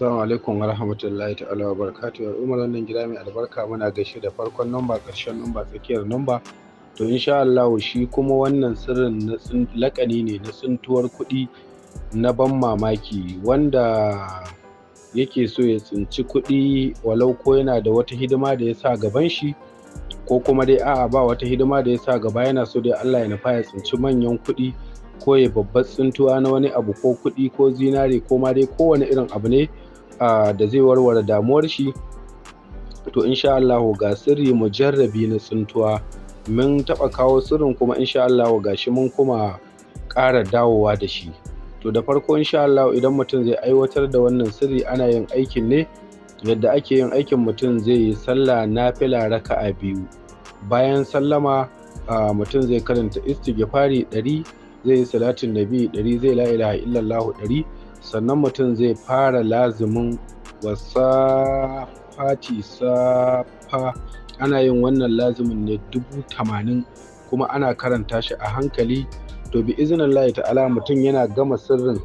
Assalamu alaikum wa rahmatullahi ta'ala wa barakatu. umar wannan gida mai albarka muna gaishe da farkon namba ƙarshen namba tsakiyar namba to insha Allah shi kuma wannan sirrin na lakani ne na tsintuwar kuɗi na ban mamaki wanda yake so ya tsinci kuɗi walau ko yana da wata hidima da ya sa gaban shi ko kuma dai a'a ba wata hidima da ya sa gaba yana so dai Allah ya nufa ya tsinci manyan kuɗi ko ya babbar tsintuwa na wani abu ko kuɗi ko zinare ko ma dai kowane irin abu ne da zai warware damuwar shi to insha Allah ga sirri mu jarrabi na tsintuwa mun taɓa kawo sirrin kuma insha Allah ga shi mun kuma ƙara dawowa da shi to da farko insha Allah idan mutum zai aiwatar da wannan sirri ana yin aikin ne yadda ake yin aikin mutum zai yi sallah nafila raka'a biyu bayan sallama mutum zai karanta istighfari ɗari zai yi salatin nabi ɗari zai la ilaha illallah ɗari sannan mutum zai fara lazumin wasafati safa ana yin wannan lazumin ne dubu tamanin kuma ana karanta shi a hankali to bi izinin ta'ala mutum yana gama sirrin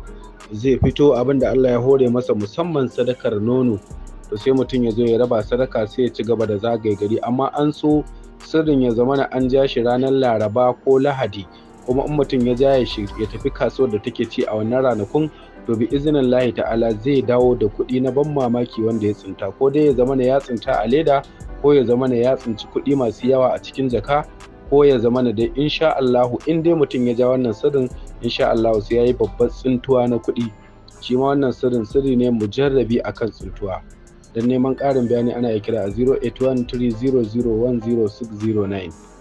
zai fito abinda Allah ya hore masa musamman sadakar nono to sai mutum ya zo ya raba sadaka sai ya ci gaba da zagaye gari amma an so sirrin ya zama zamana an ja shi ranar laraba ko lahadi kuma in mutum ya ja ya tafi kasuwar da take ci a wannan ranakun to bi izinin lahi ta'ala zai dawo da kuɗi na ban mamaki wanda ya tsinta ko dai ya zama ya tsinta a leda ko ya zama ya tsinci kuɗi masu yawa a cikin jaka ko ya zama na dai insha Allahu in dai mutum ya ja wannan sirrin insha Allahu sai yayi babbar tsintuwa na kuɗi shi ma wannan sirrin sirri ne mujarrabi akan tsintuwa dan neman ƙarin bayani ana ya kira a 081 300 10609